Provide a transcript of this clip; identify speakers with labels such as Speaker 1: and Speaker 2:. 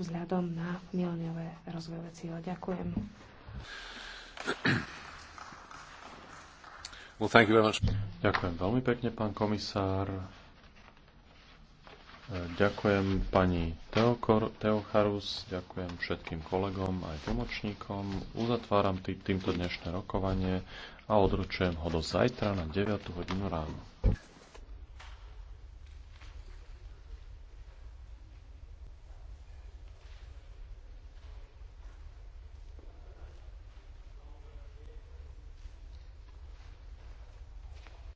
Speaker 1: vzhľadom na mileniové rozvojové cíle. Ďakujem.
Speaker 2: Well, thank you very much. Ďakujem veľmi pekne, pán komisár. E, ďakujem pani Teokor, Teocharus, ďakujem všetkým kolegom aj tlmočníkom. Uzatváram tý, týmto dnešné rokovanie a odručujem ho do zajtra na 9 hodinu ráno.